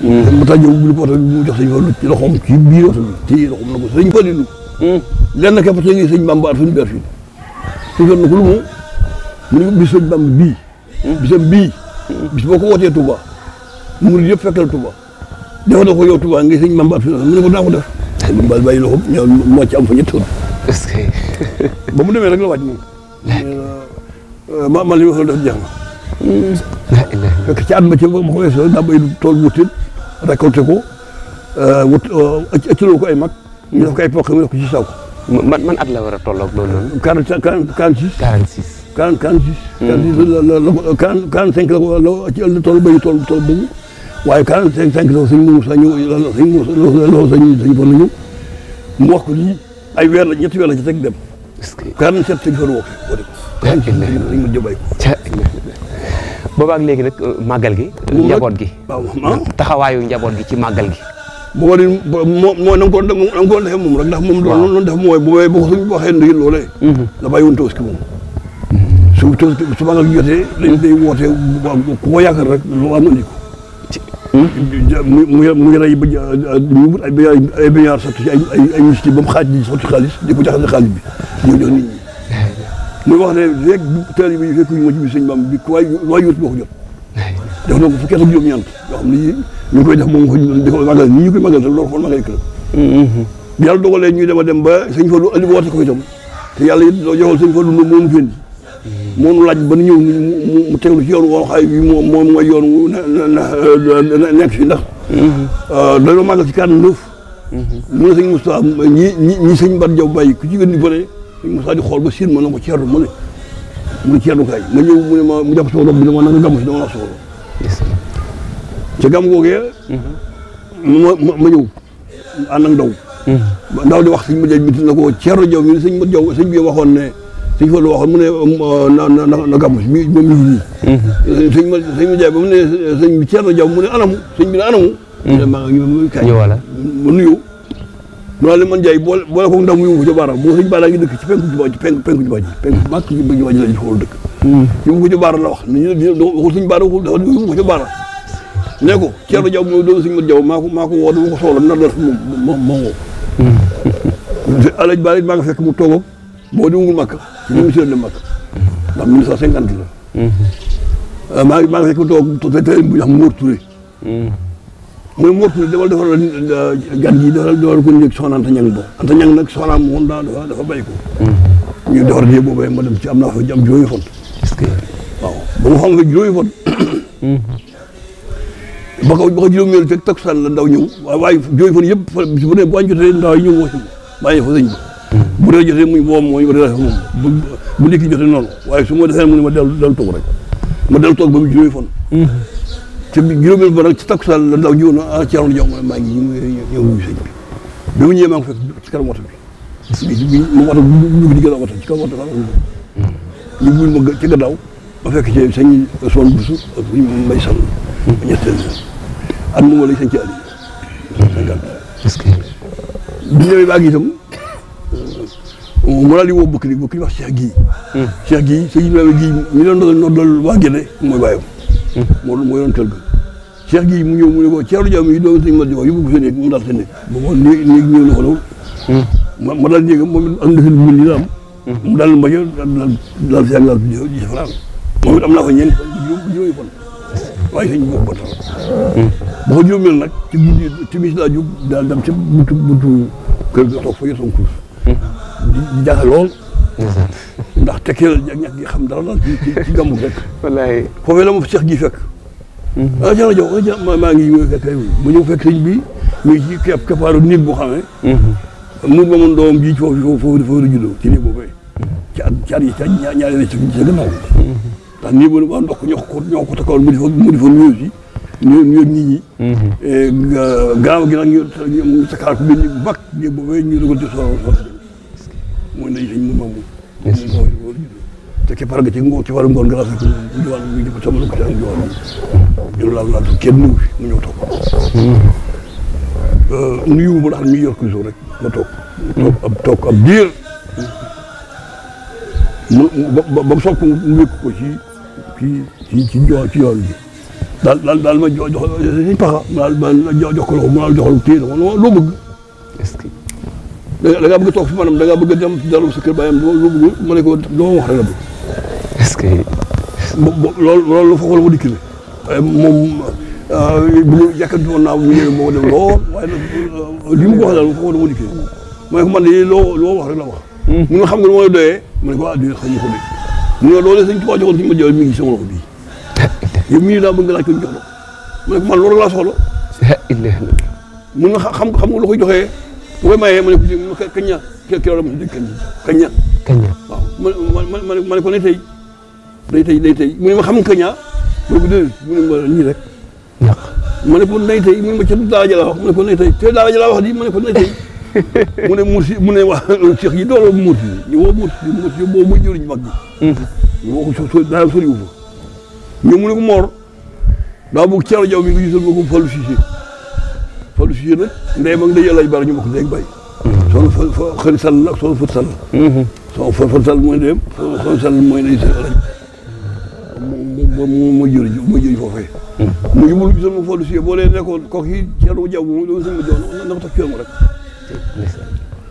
hmm. Moussa Diaw bu oto bi mu jox sëñ Fallu ci loxoom ci biir oto bi ci loxoom na ko sëñ Fallu hmm. lenn képp sëñ sëñ Bamba at suñu beer fii sëñ Fallu na ko lu mu mu ne bis sëñ Bamba bii hmm. bisam bii bis boo ko wootee Touba murid yëpp fekkal Touba defa na ko yow Touba ngay sëñ Bamba at fi mu ne ko naa ko def bal bay loo ñoom moo ci am fa ñetti est-ce que. ba mu demee rek la wàcc moom. ma man li ma fa def jeex na. fekk ci at ma ci ma ko weesoo daa bay tool bu wutit récolté ko euh, wut euh, ëccaloo ko ay mag. ñu def ko ay poq ñu def ko ci saw. man at la war a tolloog loolu noonu. quarante cinq quarante six. Hmm. quarante six. quarante quarante six. quarante six la tool bay tool tool boobu. waaye kan cinq loolu sëñ Moussa ñëw sëñ Moussa loolu sëñ sëñ Fallou ñëw mu wax ay weer la ñetti weer la ci teg dem. est-ce que 47 sëñ Fallou woo ko def. sëñ Moussa bay ko. boobaag léegi nag euh, màggal gi. njaboot gi taxawaayu njaboot gi ci màggal gi. booba di moo moo na nga ko na nga ko defee moom rek ndax moom. waaw loolu noonu mooy bu boo ko suñu waxee ndoyi loolee. la mhm. bàyyi woon tabaski moom. su su su màggal gi mhm. day woote ku ko yaakaar rek lu am mu mu rey ba mu ay ay sotti ay ay ay ba mu xaaj di sotti xaalis di ko jaxase xaalis bi ñu jox nit ñi. muy wax ne léegi teel bi fekk ñu ma bi sëñ Bamba bi ku waay waay yóot boo ko jot. def na ko fukki at ak juróom-ñeent yoo xam ne ñu ngi koy ko magal nii ñu koy magal sax loolu foog magal kër. yàlla dogalee ñuy dem a dem ba sëñ Fallou andi woote ko itam te yàlla it loo joxoon sëñ Fallou moom moo moo laaj ba nu ñëw mu teglu ci yoon woo xay bi moom mooy yoon nekk fi ndax euh, dañoo màggal ci quarante-neuf mu ne sëñ Moustapha ñi ñi ñi sëñ Bar Jaw bàyyi ku ci gën di bëre sëñ Moustapha di xool ba siin ma na ko ceerlu mu mu ne ceerlu kaay ma ñëw mu ne ma mu jàpp sama rob bi ne ma na nga gàmm si dama la soxla ca gàmm googee mm-hmm. ma ma ñëw ànd ak ndaw mm-hmm. ndaw di wax sëñ Jaw bi na ko Jaw mi ne sëñ Jaw sëñ bi waxoon ne suñ fa lu waxoon mu ne na na na gàmmu mi moom ñu suñ ma suñ ma jaay ba mu ne sëñ bi Thierno Diaw mu ne anamu sëñ bi ne anamu mhm. maa ngi kaay mu nuyu mu naa leen man jaay boole boole ko ndax mu yóbbu ca baara bu sëñ baara ngi dëkk ci penku jubaa ji penku penku jubaa ji penku màkk jubaa ji la ñu xool dëkk mhm. yóbbu ko ca baara la wax waxul suñ baara waxul dafa yóbbu ko ca baara ne ko Thierno Diaw mooy doon sëñ Mat Diaw maa ko maa ko woo dama ko soxla nar def moom moom woo mhm. alaj baara it maa nga fekk mu toogam boo di wungul màkk ñu ngi la mag ndax mille cent cinquante la euh, maa ngi maa ngi fekk toog fekk bu ñu xam mu ne Mor Touré demal defaral euh, gan yi ko njëkk soxna Anta Ñang ba Anta Ñang nag soxnaam moom daa dafa dafa béy ko ñu defar yëpp boobee ma dem ci am naa fa am juróomi fan waaw ba ma xam nga juróomi fan ba ko ba juróom-ñeent fekk takkusaan la ndaw ñëw waaye juróomi fan yëpp fa bu ne bu añ yi ñëw woo si ma bàyyi fa sëñ bi bu dee jotee muy boobu mooy relation moom bu ndékki jotee noonu waaye su ma defee mu ne ma dellu dellu toog rek ma dellu toog ba mu juróomi fan ci juróomi fan nag ci takkusaan la ndaw ah, ma ne maa ngi ñëw wuyu sëñ bi bi mu ñëwee maa ngi fekk ci kanam oto bi moom oto ma ci gannaaw ma fekk ci sëñ son busu ak suñ mbay sall ñetteel at mu ma lay sëñ ci Aliou cinquante bi ñëwee morali woo bokk ni bokk ñu wax Cheikh Guèye. Cheikh Guèye Cheikh Ibrahima Guèye mi doon doon doon waa Guèye mooy bàyyam. moo doon moo doon tëgg. Cheikh Guèye mu ñëw mu ne ko Thierno Diame yi doon sëñ Madi Ba yóbbu ko sa néeg mu daal sa néeg. ba mu néeg néeg ñëw na ko lool. ma ma daal néegam moom it am na fi lu mel ni la am. mu daal mbañ daal daal si ak daal di ji fa moom it am naa ko ñeenti fan juróom juróomi fan. waaye sëñ bi bokk ba taxaw. ba ko juróomeel nag ci guddi timis laa jub daal dem ca buntu buntu kër ga toog fa yor sama kurus jafe lool. [laughs] ndax tekkee ñàkk gi xam dara la ci ci ci gàmmu rek. wallaay foofee la ma Cheikh ji fekk. Mhm. a ah, jërëjëf ah jërëjëf maa ngi ñëw fekk mu ñëw fekk sëñ bi mu ci képp keppaaru bu xamee. Mhm. mu ma mën doom ji foofu foofu foofu la juddoo ci nii boobee. ci at ci at yi ca ñaari la ci sa gannaaw. Mhm. ndax nii boobu waa ndox ñoo ko ñoo ko eh, gi nag ñu sa kaar ko bi bak nii boobee ñu dugal ci soxla mooy nañ sëñ Mourou Mamour. merci moom mooy góor gi te keppaar ci ngoo ci wàllu ngoon grâce mu jiwaan mu jëm sama ko ci am jiwaan ñu laal laal kenn mu ñëw toog. Hmm. Euh, nuyu ma daal ab toog ab diir. ba ba soog mu wékk ko ci ci ci ci joo ci yoon bi daal daal ma jox jox sëñ Paxa daal ma jox ko loxo mu daal jox ko téye na ma da ngaa bëgg a toog fi maanaam da ngaa bëgg a dem dalu sa kër bàyyam loo bëgg ma ne ko loo wax rek la bëgg. est-ce que. loolu loolu foofu la ma dikkile eh, moom eh, bu ñu yàkkati woon naa bu ñëwee moo dem lool waaye nag eh, li mu ko waxee daal foofu la ma dikkile ma ne ko man de loo loo wax rek la wax. Hmm. mu nga xam nga lu ma la doyee ma ne ko ah di xëy na ko de mu ne loolee sëñ Tuubaa joxoon suñu ma jaww mi ngi sama loxo bii yow mii daa bëgg nga laaj ko ñu jox la ma ne ko man loolu laa soxla. mun nga xam xam nga loo koy joxee bu ma mayee mu ne kañ ña keroog mu ne kañ ña. kañ ña waaw ma ma ma ma ne ko ne tey day tey day tey ma xam nga kañ ña mu ne ko déedéet mu ne ma nii rek. ñaq ma ne ko la wax mu ne ma ca daara ja laa wax mu ne nay wax di ma ne ko nay mu si mu ne yi dooloo si ñu woo muur si muur si boobu mooy jëriñ mag ji. ñu woo mu ne ko moor daa bëgg Thierno Diaw mi ngi gisal ma ko Fallou Cissé xool si yéen a ndey mag dañuy laaj bari ñu mbokk léegi bay. soo fa fa xëy sal la ak soo fa sal. soo fa fa sal mooy dem soo fa sal mooy day sal mhm. mu mu jëriñ mu jëriñ foofee. mu yëngu lu ma xool si boo leen nekkoon kooku yi ceeb bu jaww moom loolu suñu doon na ko tax ceeb rek.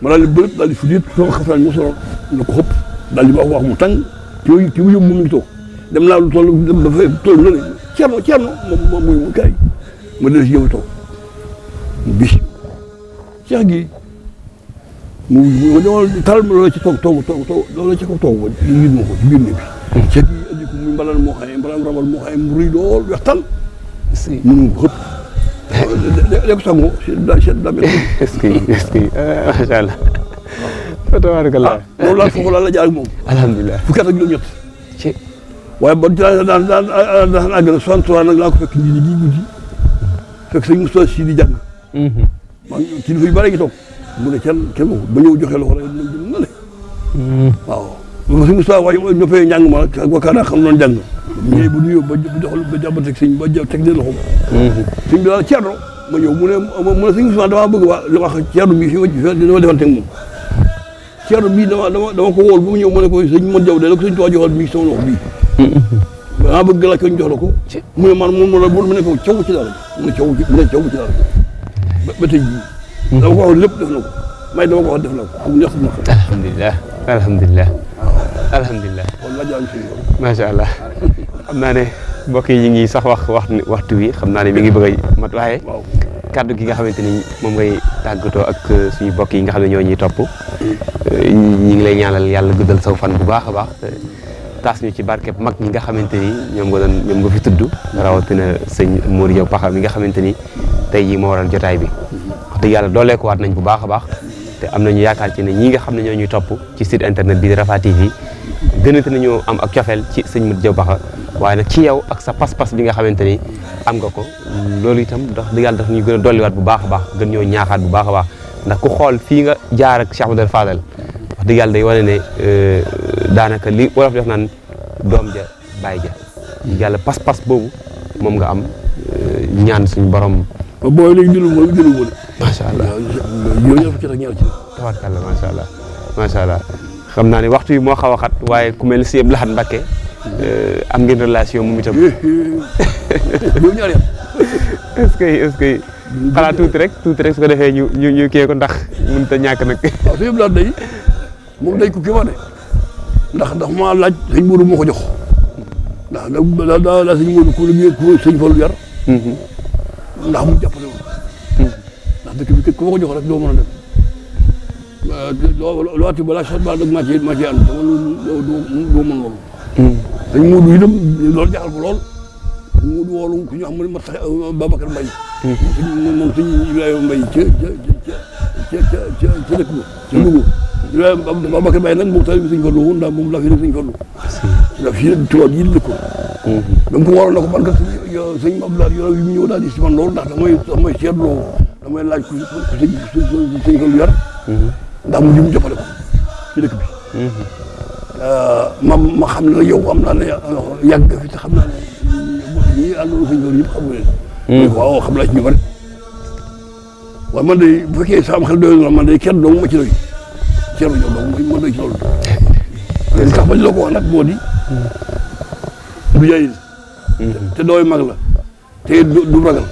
ma daal di bërëb daal di fuddit sama xaftaan mu solo na ko xëpp daal di wax wax mu tàng yooyu ki mu yóbbu mu ngi toog dem naa lu toll dem dafay toll na ne ceerno ceerno moom mooy mu kaay ma dellu si yow toog bi ceex gi mu taral ma loola ci toog toog toog loola ci kaw toog ba yit ma ko ci biir néeg bi ceex gi andi ko muy mbalaan moo xam ne mbalaan rabal moo xam ne mu rëy lool weex tal mënu ko xëpp léegi sango sedd dame est-ce que est-ce que macha allah fa tabarakallah loolu laal foofu laal la jaar ak moom alhamdulilah fukki at ak juróom-ñett waaye ba daan daan daan àgg na soixante trois nag laa ko fekk nji ni gii guddi fekk sëñ Moussa si di jàng Mm-hmm. maa ngi kilifa yu bëri ngi toog mu ne kenn kenn ba ñëw joxe loxo rek dinañ jëm nale waaw si Moussa waaye ñoppee ma ak wakkaanaa xam noonu jàng ñëw ba ba joxal ba jàppanteeg sëñ ba teg ne loxo mm-hmm. sëñ bi daal ma ñëw mu ne mu ne sëñ Moussa damaa bëgg wax ceerno bi fi ma dama defanteeg moom bii dama dama dama ko wóol ba mu ne ko sëñ mën jaw de la ko sëñ tuwaa joxal bii sama mm-hmm. ko ñu jox la ko mu ne man ci daal mu ne caw ci mu ba tey jii. ko mhm. wax lépp def na ko may dama ko wax def na ko ñax na alhamdulilah alhamdulilah. alhamdulilah. allah xam naa ne mbokk yi ñu ngi sax wax waxtu wi xam naa ne mi ngi bëgg a mat waaye. kaddu gi nga xamante ni moom ngay tàggatoo ak euh, suñu bokk yi nga xam ne ñoo ñuy topp mm. euh, ñu ngi lay ñaanal yàlla guddal saw fan bu baax a baax taas ñu ci barkeb mag ñi nga xamante ni ñoom nga doon ñoom nga fi tudd rawatina sëñ Mour Jaw Paxa mi nga xamante ni tey jii moo waral jotaay bi wax dëgg yàlla dooleekuwaat nañ bu baax a baax te am nañu yaakaar ci ne ñi nga xam ne ñoo ñuy topp ci site internet bi di Rafah TV gënante nañu am ak cofeel ci sëñ Mour Paxa waaye nag ci yow ak sa pas-pas bi nga xamante ni am nga ko loolu itam ndax dëgg yàlla daf ñuy gën a dolliwaat bu baax a baax gën ñoo ñaaxaat bu baax a baax ndax ku xool fii nga jaar ak Cheikh Abdoul Fadal wax dëgg yàlla day wane ne euh, daanaka li wolof def naan doom ja bàyyi ja yàlla pas-pas boobu moom nga am euh, ñaan suñu borom. booy macha allah yooyu yëpp ci allah macha allah xam naa ne waxtu yi moo xaw a waaye ku mel ni Sëñ Abdou euh, am ngeen relation moom itam. loolu [laughs] ñaar tuuti rek tuuti rek su defee ñu ñu ñu kii ndax mënut a ñàkk nag. waaw moom dañ ko kii wax ndax ndax maa laaj sëñ Modou moo ko jox ndax da daa daa sëñ Modou ku liggéey ku sëñ Fallou yar mhm. ndax mu jàppale woon ndax dëkk bi ku ma ko jox rek doo mën a dem loo ati balaa sax ba dëgg maa ci maa ci ànd dama doo mën loolu mhm. sëñ Modou itam loolu jaaxal ko lool sëñ Modou woolu ku ñu xam ne mat euh, Babacar Mbaye mhm. moom sëñ Ibrahima Mbaye ca ca ca ca ca ca dëkk ba ca Louga Ababacar Mbaye nag moom tamit Sëñ Fallu woon ndax moom la fi Sëñ Fallu la fi tubaab yi ko donc mhm. waroon na ko man kat sëñ Abdoulaye yow yi mu ñëw daal di si man loolu ndax damay damay seetloo damay laaj ku sëñ Fallu yar mhm. ndax mu jëm jàppale ko ci dëkk bi mhm. euh, ma ma xam ne yow am naa ne yàgg fi te xam naa ne ñi àndoon Sëñ Fallu yëpp xam nga leen waaw xam naa ci ñu bari waaye man de bu fekkee sama xel doyoon na man de kenn dong ma ci doy Thierno Diop moom mooy mooy Thierno Diop. te li tax nag moo te dooy mag la. te du du ragal.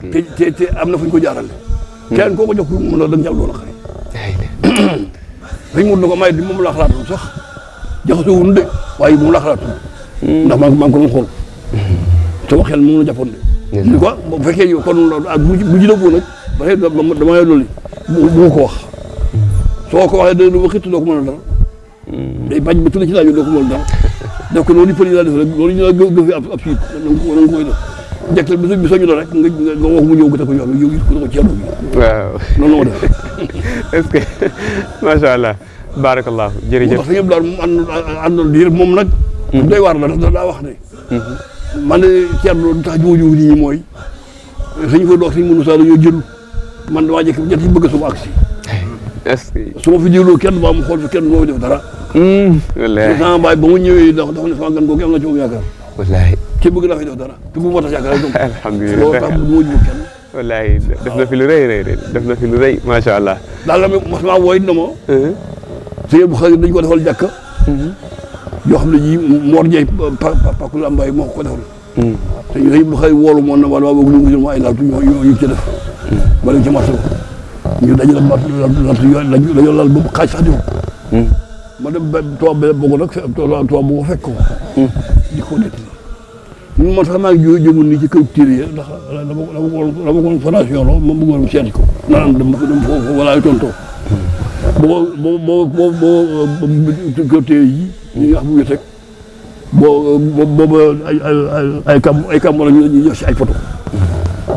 te am na fu ko jaarale. kenn koo ko jox pour mu mënoo da nga jàpp loolu xëy. dañ mun na ko may di moom laa xalaatoon sax jaxasoo wuñu de waaye moom laa xalaatoon. ndax maa maa ko doon xool. sama xel moom la jàppoon de. ni ko bu fekkee yow kon loolu ah bu ji nag ba xëy loolu bu ko wax. soo ko waxee dana waxit doo ko mën a dara hmm. day bañ ba tëdd ci laaj bi doo ko mën a dara donc loolu yi daa def rek loolu ñu la gëfee ab ab siit nanga ko nanga koy def jektal bi bi soñu la rek nga mu ñëw ko yox yow it ko da ko ci yàlla waaw noonu la ko def [laughs] est-ce que [laughs] macha allah barakallah jërëjëf wax ñëpp daal moom ànd àndoon diir moom nag hmm. doy waar la da daa wax ne hmm. man ne ceerno du tax jiwóojow nit ñi mooy suñu fa dox suñ mënu saa dañoo jël man damaa jëkk ñett yi bëgg a suba agsi est-ce que. su ma fi jiwloo kenn ba mu xool fi kenn du ma fi def dara. wallaahi sama baay ba mu ñëwee ndax dafa ne sama gan googu am na ci moom yaakaar. wallaahi kii bëgg a fi def dara te bu ma tax yaakaar rek. alhamdulilah loolu tax du daal la mas maa wooyit na ma. sëñ bu xëy dañ ko defal jàkka. yoo xam ne ji Mor Ndiaye Pa Pakul Ambaay moo ko defal. te bu xëy woolu moon na wala waa boog mu gis mooy ay laatu ñoo ñoo ñu ci def. wala ñu ci ñu dañu la dañu dañu lal ba mu xaaj sax di ma dem ba toog ba bëgg nag toog bëgg fekk ko. di ko nettali. man man sax maa ngi jëmoon nii ci kër tiir yi ndax dama ko dama ko dama ko formation la ma bëggoon seeti ko. naan dem foofu wala ay tonto. boo boo boo boo kër tiir yi. ñu bu ñu teg boo boo ay ay ay ay kam ay ñu ñu jox si ay photo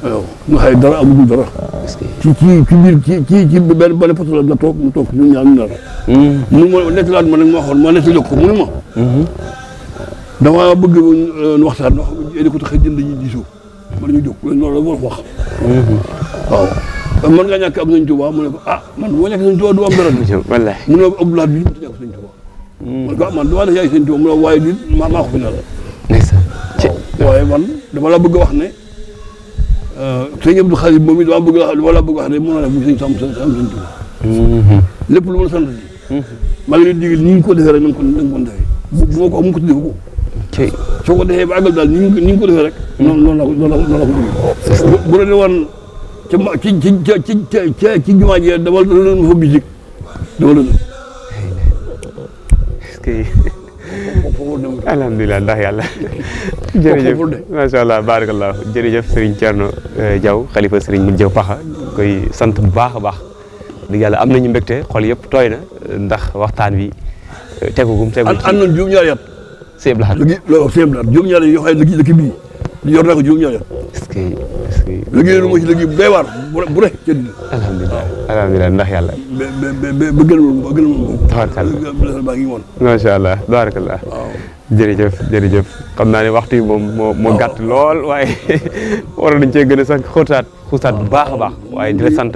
waaw nga xëy dara amuñu dara. ci ci ci biir ci ci ci benn benn poteau la toog mu toog ñun ñaar ñu nar. Hmm. mu ma nettalaat ma nag ma waxoon ma nettali ko mu ne ma. Hmm. damaa bëgg ñu euh, waxtaan ndax yéen ko tax a jënd ñu diisoo. mën nañu jóg loolu la war wax. Hmm. waaw mën ngaa ñàkk am nañ Tuubaa mu ne ko ah man boo ñàkk nañ Tuubaa du am dara. [laughs] wallaahi mu ne ko Abdoulaye bi mënut a ñàkk sëñ Tuubaa. man ko ah man damaa nekk yaay sëñ Tuubaa mu ne waaye nit maa maa ko fi ne la. waaye man dama la bëgg wax ne sëñ Abdou Khadim moom it maa bëgg a wax wala bëgg wax rek mu ne bu sëñ Sam Sam sëñ Tuuba lépp lu ma sant si maa leen digal ni ñu ko defee rek na nga ko na nga ko defee bu ma ko am ko tuddee ni ko defee rek mm. noonu noonu la ko noonu la ko digal bu la ne woon ci ma ci ci ci ci ci jumaa ji dawal dawal ma fa bitik dawal alhamdulilah ndax yàlla [laughs] jërëjëf macha allah baarakallah jërëjëf Serigne Thierno eh, Diaw xalifa Serigne Modou Diaw Paxa koy sant bu baax a baax dëgg yàlla am na nañu mbégte xol yëpp tooy na ndax waxtaan wi eh, tegugum tegul am nañ juróom-ñaari at Sèye Blac. lu gi loolu Sèye Blac juróom-ñaari yoo yor naa ko juróom ñaar est-ce que yàlla. ba ba ba ngi woon. macha allah tabarkallah. waaw jërëjëf jërëjëf xam naa ne waxtu yi moom moo gàtt lool waaye waroon nañ cee gën a sax xóotaat bu baax a baax waaye di sant.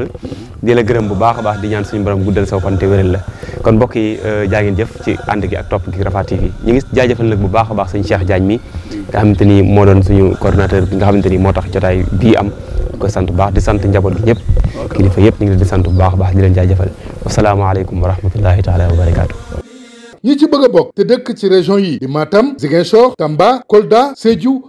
di la gërëm bu baax a baax di ñaan suñu borom guddal saw fan te la kon mbokk yi euh, jaa ngeen jëf ci ànd gi ak topp gi Rafah TV ñu ngi nag bu baax a baax suñu Cheikh Diagne mi nga xamante ni moo doon suñu coordonnateur bi nga xamante ni moo tax jotaay bii am ko sant baax di sant njaboot gi ñëpp kilifa yëpp ñu ngi leen di sant bu baax a baax di leen jaajëfal wasalaamaaleykum wa rahmatullahi taala wa barakaatu ñi ci bëgg a bokk te dëkk ci région yi di Matam Ziguinchor Tamba Kolda Sédhiou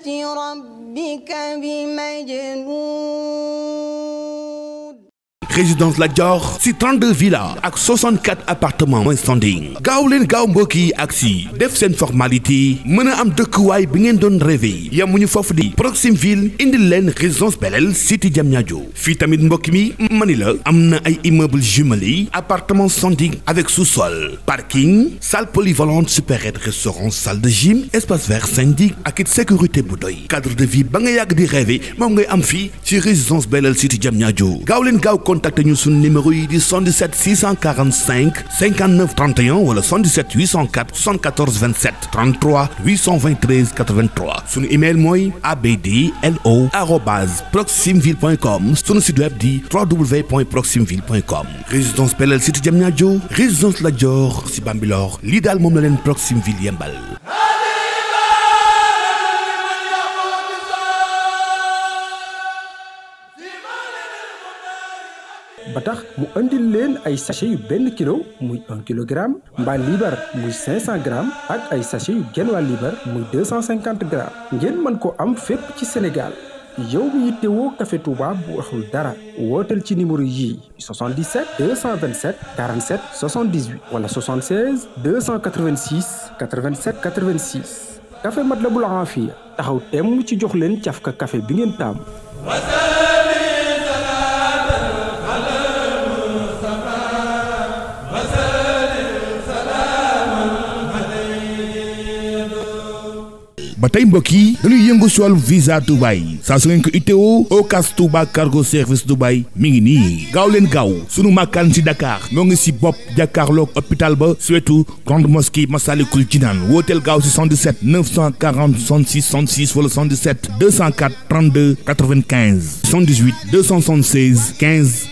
ربك بمجنون résidence Lat Dior si 32 villas ak 64 appartements mooy standing gaaw leen gaaw mbokk yi ak si def seen formalité mën a am dëkk dëkkuwaay bi ngeen doon rêvé ñu foofu di Proxime Ville indil leen résidence Belel City Diamniadio fii tamit mbokk mi mani la am na ay immeubles jumelés appartement standing avec sous-sol parking salle polyvalente supérette restaurant salle de gym espace vert syndic ak it sécurité bu doy cadre de vi ba nga yàgg di rêvé moom am fii ci résidence Belel City Diamniadio contacté ñu suñu numéro yi di 77 645 59 31 wala 77 804 74 27 33 823 83 suñu email mooy abdlo arobase proximeville point com suñu site web di www.proximeville point com résidence Pelel la Diamniadio résidence Lat si Bambilor lii daal moom la leen Proximeville yembal ba tax mu andil leen ay sachet yu benn kilo muy un kilogramme mbaa libar muy cinq cent ak ay sachet yu genn wàll liibar muy deux cent cinquante ngeen mën ko am fépp ci Sénégal yow mi yittewoo kafe Touba bu waxul dara wooteel ci numéro yii 77 227 47 78 wala 76 286 87 86 café Matlabul Afia taxaw temm ci jox leen cafka café bi ngeen taamu ba tey mbokk yi dañuy yëngu si wàllu visa Dubaï saa su ngeen ko itteewoo Ocas Touba Cargo Service Dubaï mi ngi nii gaaw leen gaaw sunu màkkaan si Dakar moo ngi si bopp jàkkaarloog hôpital ba suwetu grande mosquée Massalikul Jinaan wooteel gaaw si 77 940 66 66 wala 77 204 32 95 78 276 15.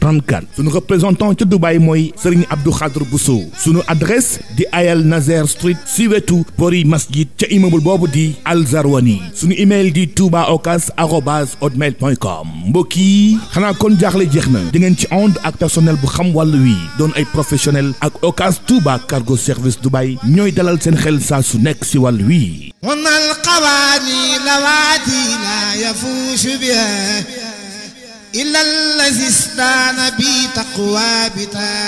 34 suñu représentant ca Dubaay mooy Serigne Abdou Khadr Bousso suñu adresse di Ayal Nazer Street si wetu bori masjid ca immeuble boobu di Al Zarwani suñu email di toubaocas arobase hotmail point com mbokk yi xanaa kon jaaxle jeex na di ngeen ci ànd ak personnel bu xam wall wi doon ay professionnel ak Ocas Touba Cargo Service Dubaay ñooy dalal seen xel saa su nekk si wàll wi. إلى الذي استان بي تقوى بتام